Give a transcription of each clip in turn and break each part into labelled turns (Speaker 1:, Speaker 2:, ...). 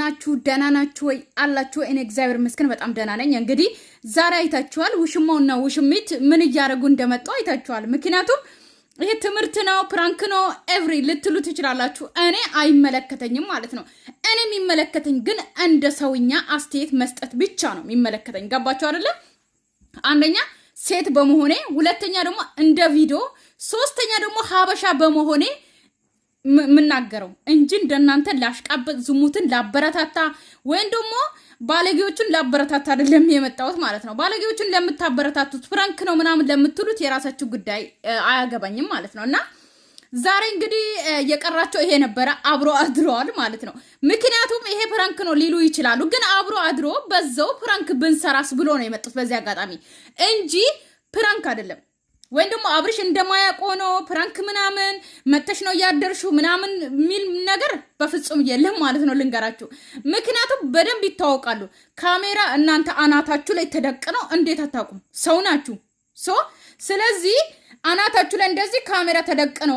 Speaker 1: ናችሁ? ደህና ናችሁ ወይ አላችሁ? እኔ እግዚአብሔር ይመስገን በጣም ደህና ነኝ። እንግዲህ ዛሬ አይታችኋል፣ ውሽማውና ውሽሚት ምን እያደረጉ እንደመጡ አይታችኋል። ምክንያቱም ይሄ ትምህርት ነው፣ ፕራንክ ነው፣ ኤቭሪ ልትሉ ትችላላችሁ። እኔ አይመለከተኝም ማለት ነው። እኔ የሚመለከተኝ ግን እንደ ሰውኛ አስተያየት መስጠት ብቻ ነው የሚመለከተኝ። ገባችሁ አይደለም? አንደኛ ሴት በመሆኔ፣ ሁለተኛ ደግሞ እንደ ቪዲዮ፣ ሶስተኛ ደግሞ ሀበሻ በመሆኔ የምናገረው እንጂ እንደናንተ ላሽቃበጥ ዝሙትን ላበረታታ ወይም ደግሞ ባለጌዎቹን ላበረታታ አይደለም የመጣሁት ማለት ነው። ባለጌዎቹን ለምታበረታቱት ፍራንክ ነው ምናምን ለምትሉት የራሳችሁ ጉዳይ አያገባኝም ማለት ነው። እና ዛሬ እንግዲህ የቀራቸው ይሄ ነበረ። አብሮ አድረዋል ማለት ነው። ምክንያቱም ይሄ ፍራንክ ነው ሊሉ ይችላሉ፣ ግን አብሮ አድሮ በዛው ፍራንክ ብንሰራስ ብሎ ነው የመጡት በዚህ አጋጣሚ እንጂ ፍራንክ አይደለም። ወይም ደግሞ አብርሽ እንደማያውቅ ሆኖ ፕራንክ ምናምን መተሽ ነው እያደርሹ ምናምን የሚል ነገር በፍጹም የለም ማለት ነው። ልንገራችሁ፣ ምክንያቱም በደንብ ይታወቃሉ። ካሜራ እናንተ አናታችሁ ላይ ተደቅነው እንዴት አታውቁም? ሰው ናችሁ። ሶ ስለዚህ አናታችሁ ላይ እንደዚህ ካሜራ ተደቅኖ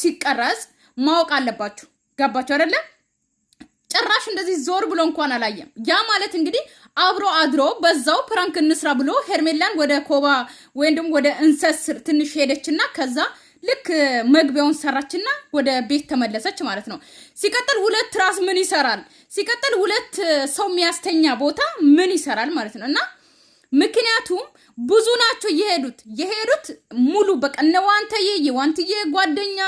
Speaker 1: ሲቀረጽ ማወቅ አለባችሁ። ገባችሁ አይደለም? ጭራሽ እንደዚህ ዞር ብሎ እንኳን አላየም። ያ ማለት እንግዲህ አብሮ አድሮ በዛው ፕራንክ እንስራ ብሎ ሄርሜላን ወደ ኮባ ወይም ደግሞ ወደ እንሰስር ትንሽ ሄደችና ከዛ ልክ መግቢያውን ሰራችና ወደ ቤት ተመለሰች ማለት ነው። ሲቀጥል ሁለት ራስ ምን ይሰራል? ሲቀጥል ሁለት ሰው የሚያስተኛ ቦታ ምን ይሰራል ማለት ነው እና ምክንያቱም ብዙ ናቸው የሄዱት የሄዱት ሙሉ በቀ እነ ዋንተዬ የዋንትዬ ጓደኛ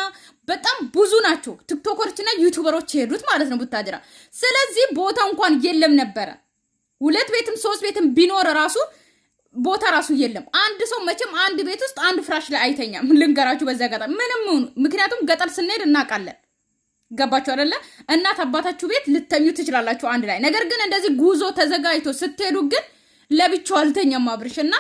Speaker 1: በጣም ብዙ ናቸው ቲክቶከሮችና ዩቱበሮች የሄዱት ማለት ነው ቡታጅራ። ስለዚህ ቦታ እንኳን የለም ነበረ። ሁለት ቤትም ሶስት ቤትም ቢኖር ራሱ ቦታ ራሱ የለም። አንድ ሰው መቼም አንድ ቤት ውስጥ አንድ ፍራሽ ላይ አይተኛም። ልንገራችሁ በዚያ ገጠር ምንም ሆኑ። ምክንያቱም ገጠር ስንሄድ እናውቃለን። ገባችሁ አይደለ? እናት አባታችሁ ቤት ልተኙ ትችላላችሁ አንድ ላይ። ነገር ግን እንደዚህ ጉዞ ተዘጋጅቶ ስትሄዱ ግን ለብቻው አልተኛም አብርሽ እና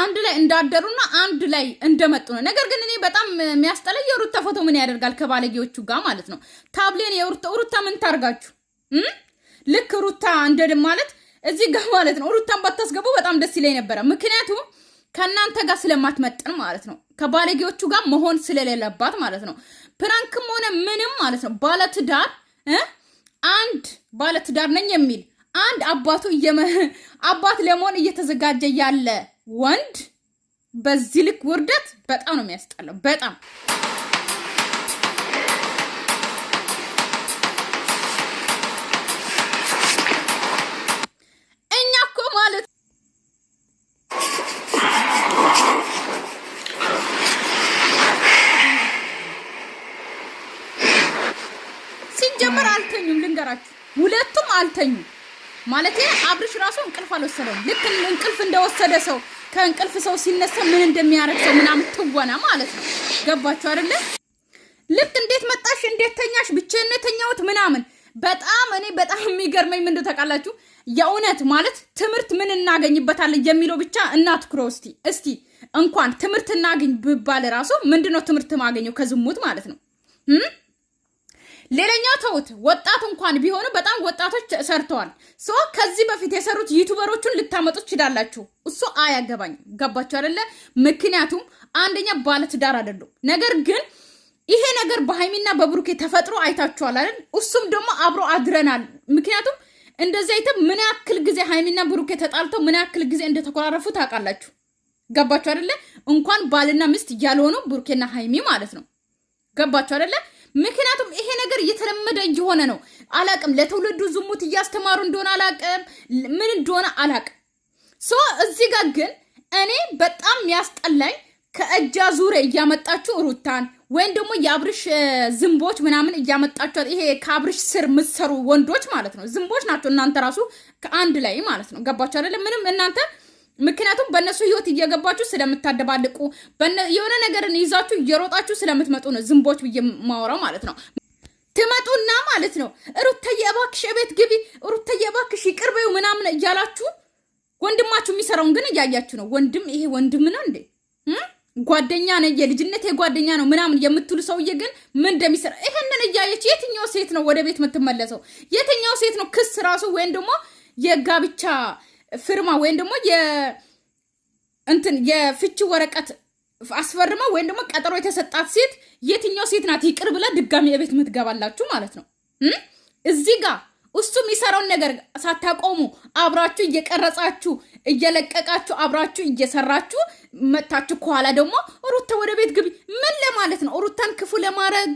Speaker 1: አንድ ላይ እንዳደሩና አንድ ላይ እንደመጡ ነው። ነገር ግን እኔ በጣም የሚያስጠላኝ የሩታ ፎቶ ምን ያደርጋል ከባለጌዎቹ ጋር ማለት ነው። ታብሌን ሩታ ምን ታርጋችሁ? ልክ ሩታ እንደድ ማለት እዚህ ጋር ማለት ነው። ሩታን ባታስገቡ በጣም ደስ ይለኝ ነበረ። ምክንያቱም ከእናንተ ጋር ስለማትመጥን ማለት ነው። ከባለጌዎቹ ጋር መሆን ስለሌለባት ማለት ነው። ፕራንክም ሆነ ምንም ማለት ነው። ባለትዳር አንድ ባለትዳር ነኝ የሚል አንድ አባቱ አባት ለመሆን እየተዘጋጀ ያለ ወንድ በዚህ ልክ ውርደት በጣም ነው የሚያስጠላው። በጣም እኛ እኮ ማለት ሲጀመር አልተኙም፣ ልንገራችሁ፣ ሁለቱም አልተኙም። ማለት አብርሽ ራሱ እንቅልፍ አልወሰደው። ልክ እንቅልፍ እንደወሰደ ሰው ከእንቅልፍ ሰው ሲነሳ ምን እንደሚያደርግ ሰው ምናምን ትወና ማለት ነው። ገባችሁ አይደለ? ልክ እንዴት መጣሽ፣ እንዴት ተኛሽ፣ ብቻዬን የተኛሁት ምናምን። በጣም እኔ በጣም የሚገርመኝ ምን እንደው ታውቃላችሁ፣ የእውነት ማለት ትምህርት ምን እናገኝበታለን የሚለው ብቻ እናትኩረው እስቲ እስቲ እንኳን ትምህርት እናገኝ ብባል ራሱ ምንድነው ትምህርት ማገኘው ከዝሙት ማለት ነው። ሌላኛው ተውት፣ ወጣት እንኳን ቢሆኑ በጣም ወጣቶች ሰርተዋል። ሶ ከዚህ በፊት የሰሩት ዩቱበሮቹን ልታመጡ ትችላላችሁ። እሱ አያገባኝም። ገባችሁ አይደለ? ምክንያቱም አንደኛ ባለትዳር አይደሉም። ነገር ግን ይሄ ነገር በሃይሚና በብሩኬ ተፈጥሮ አይታችኋል አይደል? እሱም ደግሞ አብሮ አድረናል። ምክንያቱም እንደዚህ አይተም ምን ያክል ጊዜ ሃይሚና ብሩኬ ተጣልተው ምን ያክል ጊዜ እንደተኮራረፉ ታውቃላችሁ። ገባችሁ አይደለ? እንኳን ባልና ሚስት እያልሆኑ ብሩኬና ሃይሚ ማለት ነው። ገባችሁ አይደለ? ምክንያቱም ይሄ ነገር እየተለመደ እየሆነ ነው። አላቅም ለትውልዱ ዝሙት እያስተማሩ እንደሆነ አላቅም፣ ምን እንደሆነ አላቅም። ሶ እዚህ ጋር ግን እኔ በጣም ያስጠላኝ ከእጃ ዙር እያመጣችሁ ሩታን ወይም ደግሞ የአብርሽ ዝንቦች ምናምን እያመጣችኋት ይሄ ከአብርሽ ስር ምትሰሩ ወንዶች ማለት ነው። ዝንቦች ናቸው እናንተ ራሱ ከአንድ ላይ ማለት ነው። ገባችሁ አይደለም? ምንም እናንተ ምክንያቱም በእነሱ ህይወት እየገባችሁ ስለምታደባልቁ የሆነ ነገርን ይዛችሁ እየሮጣችሁ ስለምትመጡ ነው ዝንቦች ብዬ ማወራው ማለት ነው። ትመጡና ማለት ነው ሩታዬ እባክሽ እቤት ግቢ፣ ሩታዬ እባክሽ ይቅር በይው ምናምን እያላችሁ ወንድማችሁ የሚሰራውን ግን እያያችሁ ነው። ወንድም ይሄ ወንድም ነው እንዴ? ጓደኛ ነ የልጅነት የጓደኛ ነው ምናምን የምትሉ ሰውዬ ግን ምን እንደሚሰራ ይሄንን እያየች የትኛው ሴት ነው ወደ ቤት የምትመለሰው? የትኛው ሴት ነው ክስ ራሱ ወይም ደግሞ የጋብቻ ፍርማ ወይም ደግሞ እንትን የፍቺ ወረቀት አስፈርማ ወይም ደግሞ ቀጠሮ የተሰጣት ሴት የትኛው ሴት ናት ይቅር ብለ ድጋሚ የቤት የምትገባላችሁ ማለት ነው። እዚህ ጋር እሱ የሚሰራውን ነገር ሳታቆሙ አብራችሁ እየቀረጻችሁ እየለቀቃችሁ አብራችሁ እየሰራችሁ መታችሁ ከኋላ ደግሞ ሩታ ወደ ቤት ግቢ ምን ለማለት ነው? ሩታን ክፉ ለማድረግ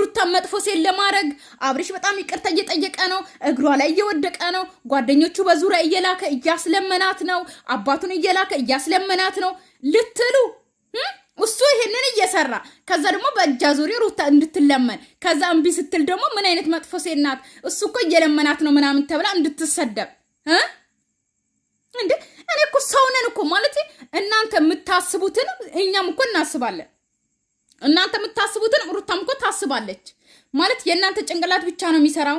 Speaker 1: ሩታን መጥፎ ሴት ለማድረግ አብሪሽ በጣም ይቅርታ እየጠየቀ ነው። እግሯ ላይ እየወደቀ ነው። ጓደኞቹ በዙሪያ እየላከ እያስለመናት ነው። አባቱን እየላከ እያስለመናት ነው ልትሉ እሱ ይሄንን እየሰራ ከዛ ደግሞ በእጃ ዙሪ ሩታ እንድትለመን ከዛ እምቢ ስትል ደግሞ ምን አይነት መጥፎ ሴት ናት፣ እሱ እኮ እየለመናት ነው ምናምን ተብላ እንድትሰደብ እንዴ! እኔ እኮ ሰውነን እኮ ማለት እናንተ የምታስቡትን እኛም እኮ እናስባለን። እናንተ የምታስቡትን ሩታም እኮ ታስባለች ማለት የእናንተ ጭንቅላት ብቻ ነው የሚሰራው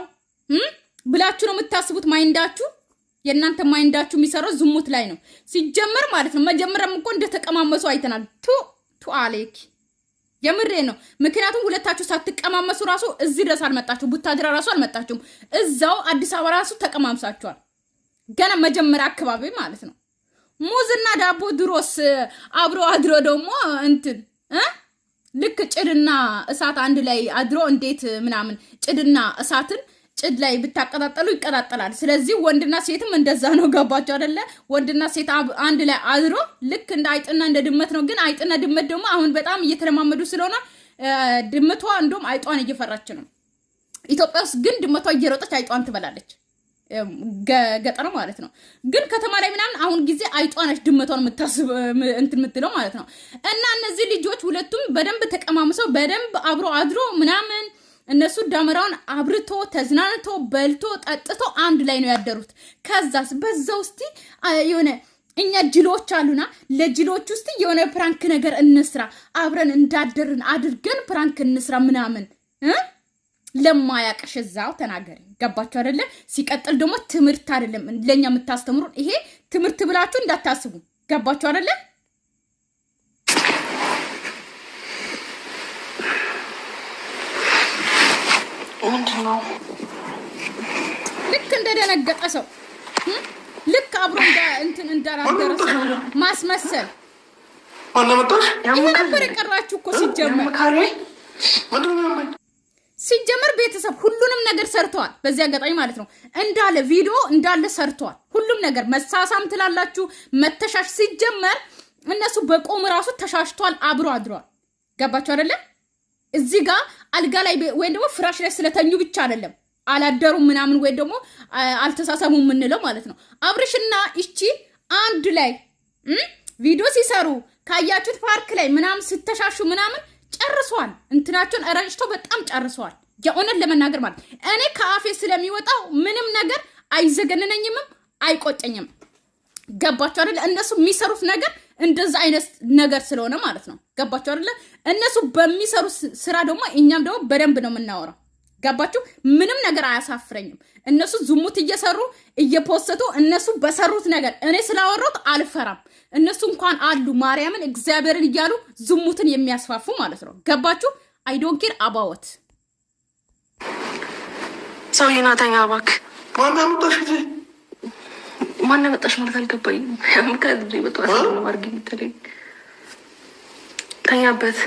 Speaker 1: ብላችሁ ነው የምታስቡት። ማይንዳችሁ የእናንተ ማይንዳችሁ የሚሰራው ዝሙት ላይ ነው ሲጀመር ማለት ነው። መጀመሪያም እኮ እንደተቀማመሱ አይተናል። ቱ ቱ አሌክ የምሬ ነው። ምክንያቱም ሁለታችሁ ሳትቀማመሱ ራሱ እዚህ ድረስ አልመጣችሁ፣ ቡታጅራ ራሱ አልመጣችሁም። እዛው አዲስ አበባ ራሱ ተቀማምሳችኋል። ገና መጀመሪያ አካባቢ ማለት ነው። ሙዝና ዳቦ ድሮስ አብሮ አድሮ ደግሞ እንትን ልክ ጭድና እሳት አንድ ላይ አድሮ እንዴት ምናምን ጭድና እሳትን ጭድ ላይ ብታቀጣጠሉ ይቀጣጠላል። ስለዚህ ወንድና ሴትም እንደዛ ነው። ገባቸው አደለ? ወንድና ሴት አንድ ላይ አድሮ ልክ እንደ አይጥና እንደ ድመት ነው። ግን አይጥና ድመት ደግሞ አሁን በጣም እየተለማመዱ ስለሆነ ድመቷ እንደውም አይጧን እየፈራች ነው። ኢትዮጵያ ውስጥ ግን ድመቷ እየሮጠች አይጧን ትበላለች። ገጠር ማለት ነው። ግን ከተማ ላይ ምናምን አሁን ጊዜ አይጧነች ድመቷን እንትን ምትለው ማለት ነው። እና እነዚህ ልጆች ሁለቱም በደንብ ተቀማምሰው በደንብ አብሮ አድሮ ምናምን እነሱ ደመራውን አብርቶ ተዝናንቶ በልቶ ጠጥቶ አንድ ላይ ነው ያደሩት። ከዛስ በዛ ውስጥ የሆነ እኛ ጅሎች አሉና ለጅሎች ውስጥ የሆነ ፕራንክ ነገር እንስራ፣ አብረን እንዳደርን አድርገን ፕራንክ እንስራ ምናምን ለማያቀሽ እዛው ተናገሪ። ገባችሁ አይደለም? ሲቀጥል ደግሞ ትምህርት አይደለም ለእኛ የምታስተምሩን። ይሄ ትምህርት ብላችሁ እንዳታስቡ። ገባችሁ አይደለም? ልክ እንደደነገጠ ሰው ልክ አብሮ እንትን እንዳራደረ ሰው ማስመሰል ነበር የቀራችሁ እኮ ሲጀመር ሲጀመር ቤተሰብ ሁሉንም ነገር ሰርተዋል። በዚህ አጋጣሚ ማለት ነው እንዳለ ቪዲዮ እንዳለ ሰርተዋል። ሁሉም ነገር መሳሳም ትላላችሁ መተሻሽ ሲጀመር እነሱ በቆም ራሱ ተሻሽቷል፣ አብሮ አድሯል። ገባችሁ አይደለም? እዚህ ጋር አልጋ ላይ ወይም ደግሞ ፍራሽ ላይ ስለተኙ ብቻ አይደለም አላደሩም ምናምን ወይም ደግሞ አልተሳሰቡም የምንለው ማለት ነው። አብርሽና እቺ አንድ ላይ ቪዲዮ ሲሰሩ ካያችሁት ፓርክ ላይ ምናምን ስተሻሹ ምናምን ጨርሷል። እንትናቸውን ረጭቶ በጣም ጨርሰዋል። የእውነት ለመናገር ማለት እኔ ከአፌ ስለሚወጣው ምንም ነገር አይዘገንነኝምም አይቆጨኝም። ገባቸው አይደለ? እነሱ የሚሰሩት ነገር እንደዛ አይነት ነገር ስለሆነ ማለት ነው። ገባቸው አይደለ? እነሱ በሚሰሩት ስራ ደግሞ እኛም ደግሞ በደንብ ነው የምናወራው። ገባችሁ? ምንም ነገር አያሳፍረኝም። እነሱ ዝሙት እየሰሩ እየፖሰቱ እነሱ በሰሩት ነገር እኔ ስላወራሁት አልፈራም። እነሱ እንኳን አሉ ማርያምን እግዚአብሔርን እያሉ ዝሙትን የሚያስፋፉ ማለት ነው። ገባችሁ? አይዶንኬር አባወት
Speaker 2: ሰው ይናተኛ ባክ ማን ያመጣሽ? ማነው ያመጣሽ ማለት አልገባኝም። ምካ ዜ በጠዋት ነው ማርግ ተለኝ ተኛበት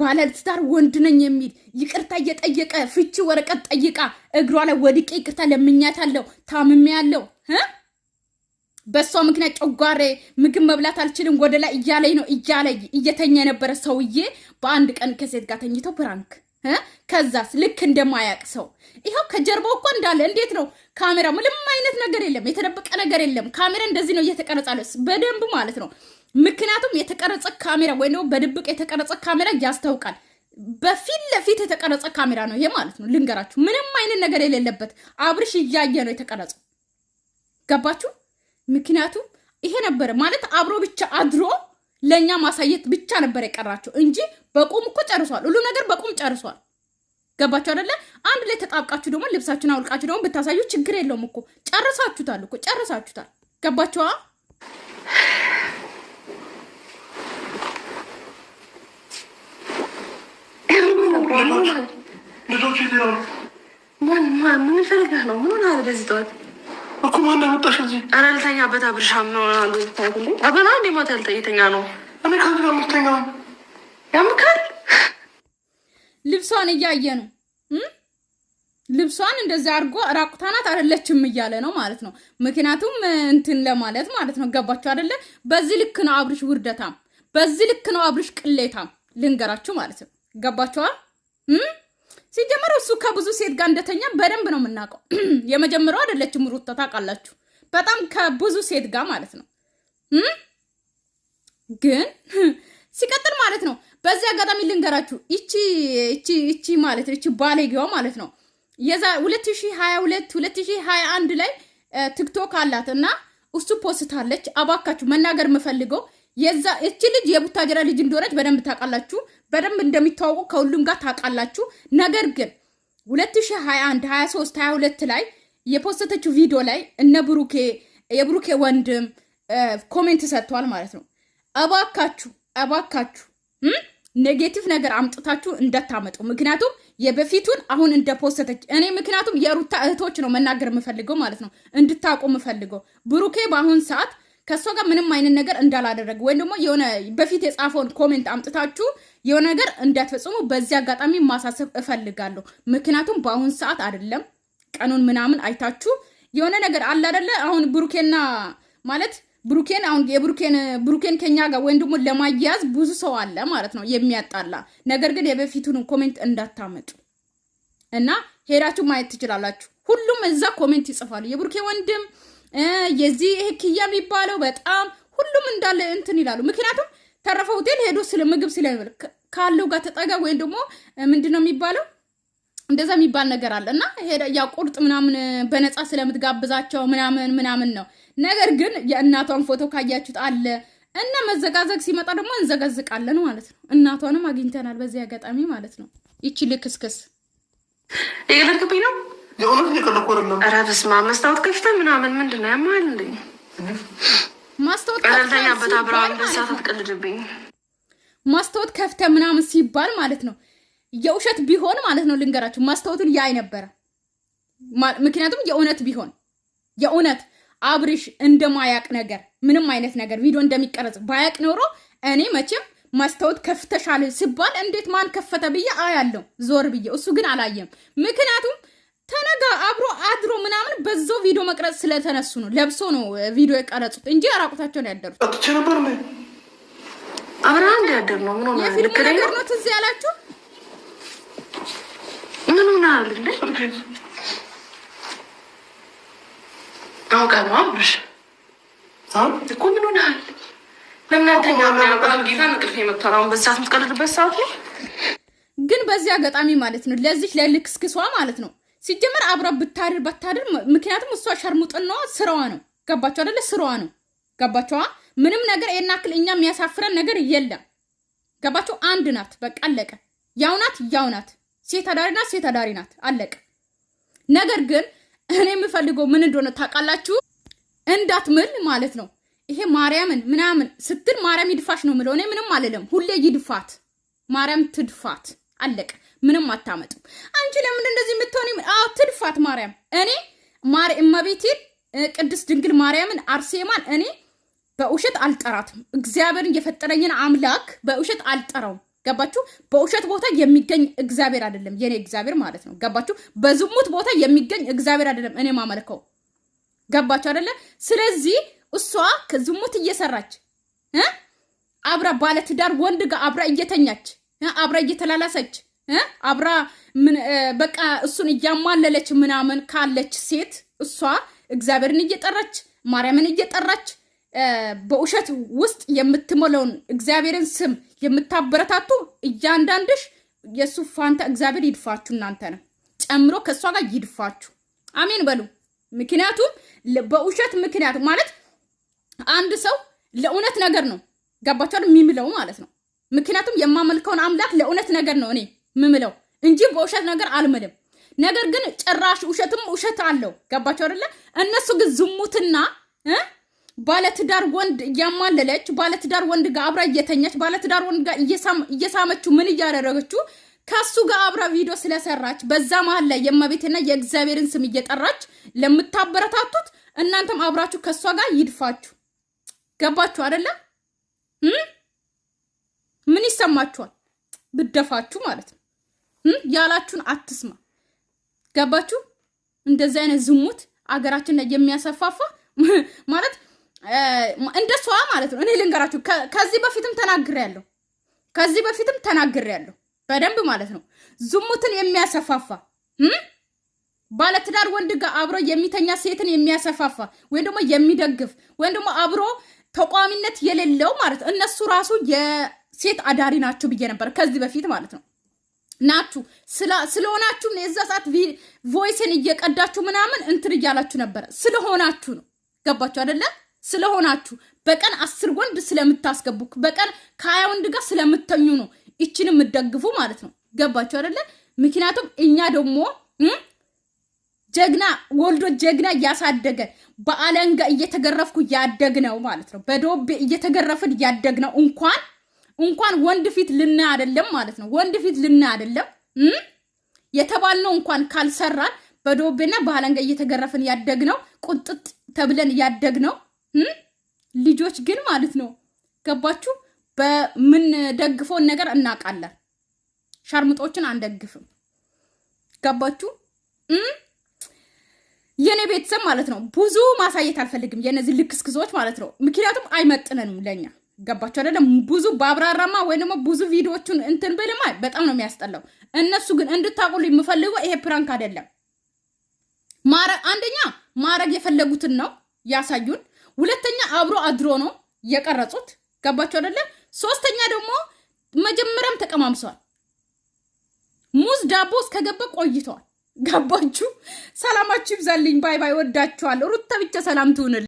Speaker 1: ባለትዳር ወንድ ነኝ የሚል ይቅርታ እየጠየቀ ፍቺ ወረቀት ጠይቃ እግሯ ላይ ወድቄ ይቅርታ ለምኛታለሁ፣ ያለው በእሷ ምክንያት ጨጓሬ ምግብ መብላት አልችልም ወደ ላይ እያለኝ ነው እያለይ እየተኛ የነበረ ሰውዬ በአንድ ቀን ከሴት ጋር ተኝተው ብራንክ ከዛስ ልክ እንደማያቅ ሰው ይኸው ከጀርባው እኮ እንዳለ እንዴት ነው ካሜራ ምንም አይነት ነገር የለም የተደበቀ ነገር የለም ካሜራ እንደዚህ ነው እየተቀረጻለስ በደንብ ማለት ነው ምክንያቱም የተቀረጸ ካሜራ ወይም ደግሞ በድብቅ የተቀረጸ ካሜራ ያስታውቃል። በፊት ለፊት የተቀረጸ ካሜራ ነው ይሄ ማለት ነው። ልንገራችሁ፣ ምንም አይነት ነገር የሌለበት አብርሽ እያየ ነው የተቀረጸው። ገባችሁ? ምክንያቱም ይሄ ነበረ ማለት አብሮ ብቻ አድሮ ለእኛ ማሳየት ብቻ ነበር የቀራቸው እንጂ በቁም እኮ ጨርሷል። ሁሉም ነገር በቁም ጨርሷል። ገባችሁ አይደለ? አንድ ላይ ተጣብቃችሁ ደግሞ ልብሳችሁን አውልቃችሁ ደግሞ ብታሳዩ ችግር የለውም እኮ ጨርሳችሁታል እኮ ጨርሳችሁታል። ገባችኋ?
Speaker 2: ምን ፈልገህ ነው? ምን ሆነሃል በዚህ ጠዋት እኮ ማን ያመጣሽ እዚህ? ኧረ ልተኛበት አበላ ልተኛ ነው እኔ ከዚህ ጋር ያምካል።
Speaker 1: ልብሷን እያየ ነው ልብሷን እንደዚህ አድርጎ ራቁታናት አይደለችም እያለ ነው ማለት ነው። ምክንያቱም እንትን ለማለት ማለት ነው። ገባችሁ አይደለ? በዚህ ልክ ነው አብርሽ ውርደታም፣ በዚህ ልክ ነው አብርሽ ቅሌታም። ልንገራችሁ ማለት ነው። ገባችኋል? ሲጀመር እሱ ከብዙ ሴት ጋር እንደተኛ በደንብ ነው የምናውቀው። የመጀመሪያው አይደለችም ሩታ ታውቃላችሁ። በጣም ከብዙ ሴት ጋር ማለት ነው። ግን ሲቀጥል ማለት ነው በዚህ አጋጣሚ ልንገራችሁ፣ ይቺ ይቺ ይቺ ማለት ይቺ ባለጌዋ ማለት ነው የዛ 2022 2021 ላይ ቲክቶክ አላት እና እሱ ፖስታለች። አባካችሁ መናገር የምፈልገው የዛ እቺ ልጅ የቡታጀራ ልጅ እንደሆነች በደንብ ታውቃላችሁ። በደንብ እንደሚታወቁ ከሁሉም ጋር ታውቃላችሁ። ነገር ግን 2021 23 22 ላይ የፖስተተችው ቪዲዮ ላይ እነ ብሩኬ የብሩኬ ወንድም ኮሜንት ሰጥተዋል ማለት ነው። እባካችሁ እባካችሁ ኔጌቲቭ ነገር አምጥታችሁ እንደታመጡ ምክንያቱም የበፊቱን አሁን እንደ ፖስተተች እኔ ምክንያቱም የሩታ እህቶች ነው መናገር የምፈልገው ማለት ነው እንድታውቁ የምፈልገው ብሩኬ በአሁን ሰዓት ከእሷ ጋር ምንም አይነት ነገር እንዳላደረግ ወይም ደግሞ የሆነ በፊት የጻፈውን ኮሜንት አምጥታችሁ የሆነ ነገር እንዳትፈጽሙ በዚህ አጋጣሚ ማሳሰብ እፈልጋለሁ። ምክንያቱም በአሁን ሰዓት አይደለም ቀኑን ምናምን አይታችሁ የሆነ ነገር አለ አይደለ? አሁን ብሩኬና ማለት ብሩኬን አሁን የብሩኬን ብሩኬን ከኛ ጋር ወይም ደግሞ ለማያያዝ ብዙ ሰው አለ ማለት ነው የሚያጣላ ነገር ግን የበፊቱን ኮሜንት እንዳታመጡ እና ሄዳችሁ ማየት ትችላላችሁ። ሁሉም እዛ ኮሜንት ይጽፋሉ። የብሩኬ ወንድም የዚህ ኪያ የሚባለው በጣም ሁሉም እንዳለ እንትን ይላሉ። ምክንያቱም ተረፈ ሆቴል ሄዶ ስለ ምግብ ስለሚበል ካለው ጋር ተጠጋ ወይም ደግሞ ምንድን ነው የሚባለው እንደዛ የሚባል ነገር አለ እና ያ ቁርጥ ምናምን በነፃ ስለምትጋብዛቸው ምናምን ምናምን ነው። ነገር ግን የእናቷን ፎቶ ካያችሁት አለ እና መዘጋዘግ ሲመጣ ደግሞ እንዘገዝቃለን ማለት ነው። እናቷንም አግኝተናል በዚህ አጋጣሚ ማለት ነው። ይቺ ልክስክስ
Speaker 2: ነው የእውነት ኧረ በስመ አብ መስታወት ምናምን ምንድን ነው ያማል? ማስታወት ከፍተ
Speaker 1: ማስታወት ምናምን ሲባል ማለት ነው የውሸት ቢሆን ማለት ነው ልንገራችሁ፣ ማስታወቱን ያይ ነበረ። ምክንያቱም የእውነት ቢሆን የእውነት አብርሽ እንደማያቅ ነገር ምንም አይነት ነገር ቪዲዮ እንደሚቀረጽ ባያቅ ኖሮ እኔ መቼም ማስታወት ከፍተሻል ሲባል እንዴት ማን ከፈተ ብዬ አያለው ዞር ብዬ፣ እሱ ግን አላየም ምክንያቱም ተነጋ አብሮ አድሮ ምናምን በዛው ቪዲዮ መቅረጽ ስለተነሱ ነው ለብሶ ነው ቪዲዮ የቀረጹት እንጂ ራቁታቸውን ያደሩት
Speaker 2: አጥቼ ነበር ነው አብረን አንድ ያደር ነው ምን
Speaker 1: ሆነ ልክ ነገር ነው ትዝ ያላችሁ
Speaker 2: ምን ሆነ አለ አውቃ ነው አብርሽ እኮ ምን ሆነሃል? ለምን አተኛ ምናምን ጌታ እንቅልፍ የመተራውን በዛት የምትቀልድበት ሰዓት ነው።
Speaker 1: ግን በዚህ አጋጣሚ ማለት ነው ለዚህ ለልክስክሷ ማለት ነው ሲጀመር አብራ ብታድር ባታድር፣ ምክንያቱም እሷ ሸርሙጥና ስራዋ ነው። ገባቸው አደለ? ስራዋ ነው። ገባቸዋ። ምንም ነገር የናክል እኛ የሚያሳፍረን ነገር የለም። ገባቸው። አንድ ናት፣ በቃ አለቀ። ያው ናት፣ ያው ናት። ሴት አዳሪ ናት፣ ሴት አዳሪ ናት፣ አለቀ። ነገር ግን እኔ የምፈልገው ምን እንደሆነ ታውቃላችሁ? እንዳትምል ማለት ነው። ይሄ ማርያምን ምናምን ስትል ማርያም ይድፋሽ ነው የምለው። እኔ ምንም አልልም። ሁሌ ይድፋት፣ ማርያም ትድፋት፣ አለቀ። ምንም አታመጡ አንቺ ለምን እንደዚህ አዎ ትድፋት ማርያም እኔ ማር እመቤቴን ቅድስት ድንግል ማርያምን አርሴማን እኔ በውሸት አልጠራትም። እግዚአብሔርን የፈጠረኝን አምላክ በውሸት አልጠራውም። ገባችሁ? በውሸት ቦታ የሚገኝ እግዚአብሔር አይደለም የኔ እግዚአብሔር ማለት ነው። ገባችሁ? በዝሙት ቦታ የሚገኝ እግዚአብሔር አይደለም እኔ ማመልከው። ገባችሁ አይደለ? ስለዚህ እሷ ዝሙት እየሰራች አብራ ባለትዳር ወንድ ጋር አብራ እየተኛች አብራ እየተላላሰች አብራ በቃ እሱን እያማለለች ምናምን ካለች ሴት እሷ እግዚአብሔርን እየጠራች ማርያምን እየጠራች በውሸት ውስጥ የምትሞለውን እግዚአብሔርን ስም የምታበረታቱ እያንዳንድሽ የእሱ ፋንታ እግዚአብሔር ይድፋችሁ፣ እናንተ ነው ጨምሮ ከእሷ ጋር ይድፋችሁ። አሜን በሉ። ምክንያቱም በውሸት ምክንያቱ ማለት አንድ ሰው ለእውነት ነገር ነው ገባቸውን የሚምለው ማለት ነው። ምክንያቱም የማመልከውን አምላክ ለእውነት ነገር ነው እኔ ምምለው እንጂ በውሸት ነገር አልምልም። ነገር ግን ጭራሽ ውሸትም ውሸት አለው። ገባቸው አይደለ? እነሱ ግን ዝሙትና ባለትዳር ወንድ እያማለለች ባለትዳር ወንድ ጋር አብራ እየተኛች ባለትዳር ወንድ ጋር እየሳመችው ምን እያደረገችው ከሱ ጋር አብራ ቪዲዮ ስለሰራች በዛ መሀል ላይ የእመቤትና የእግዚአብሔርን ስም እየጠራች ለምታበረታቱት እናንተም አብራችሁ ከእሷ ጋር ይድፋችሁ። ገባችሁ አደለ? ምን ይሰማችኋል? ብደፋችሁ ማለት ነው። ያላችሁን አትስማ። ገባችሁ? እንደዚህ አይነት ዝሙት አገራችን ላይ የሚያሰፋፋ ማለት ሷ ማለት ነው። እኔ ልንገራችሁ፣ ከዚህ በፊትም ያለሁ ከዚህ በፊትም ያለሁ በደንብ ማለት ነው። ዝሙትን የሚያሰፋፋ ባለትዳር ወንድ ጋር አብሮ የሚተኛ ሴትን የሚያሰፋፋ ወይም ደግሞ የሚደግፍ ወይም ደግሞ አብሮ ተቋሚነት የሌለው ማለት እነሱ ራሱ የሴት አዳሪ ናቸው ብዬ ነበር ከዚህ በፊት ማለት ነው። ናችሁ ስለሆናችሁ የዛ ሰዓት ቮይስን እየቀዳችሁ ምናምን እንትን እያላችሁ ነበረ። ስለሆናችሁ ነው። ገባችሁ አደለ ስለሆናችሁ በቀን አስር ወንድ ስለምታስገቡ በቀን ከሀያ ወንድ ጋር ስለምተኙ ነው ይችን የምደግፉ ማለት ነው። ገባችሁ አደለ? ምክንያቱም እኛ ደግሞ ጀግና ወልዶ ጀግና እያሳደገ በአለንጋ እየተገረፍኩ እያደግነው ማለት ነው። በዶቤ እየተገረፍን እያደግነው እንኳን እንኳን ወንድ ፊት ልና አይደለም ማለት ነው። ወንድ ፊት ልና አይደለም የተባልነው እንኳን ካልሰራን በዶቤና በአለንጋ እየተገረፍን ያደግነው ቁጥጥ ተብለን ያደግነው ልጆች ግን ማለት ነው። ገባችሁ? በምንደግፈውን ነገር እናውቃለን። ሸርምጦችን አንደግፍም። ገባችሁ? የኔ ቤተሰብ ማለት ነው ብዙ ማሳየት አልፈልግም፣ የነዚህ ልክስክሶች ማለት ነው። ምክንያቱም አይመጥነንም ለኛ ገባችሁ አይደለም? ብዙ በአብራራማ ወይ ደግሞ ብዙ ቪዲዮዎቹን እንትን ብልማ በጣም ነው የሚያስጠላው። እነሱ ግን እንድታቁሉ የምፈልገው ይሄ ፕራንክ አይደለም። አንደኛ ማረግ የፈለጉትን ነው ያሳዩን። ሁለተኛ አብሮ አድሮ ነው የቀረጹት። ገባችሁ አይደለም? ሶስተኛ ደግሞ መጀመሪያም ተቀማምሰዋል። ሙዝ ዳቦ እስከገባ ቆይተዋል። ገባችሁ? ሰላማችሁ ይብዛልኝ። ባይ ባይ። ወዳችኋል። ሩታ ብቻ ሰላም ትሁንል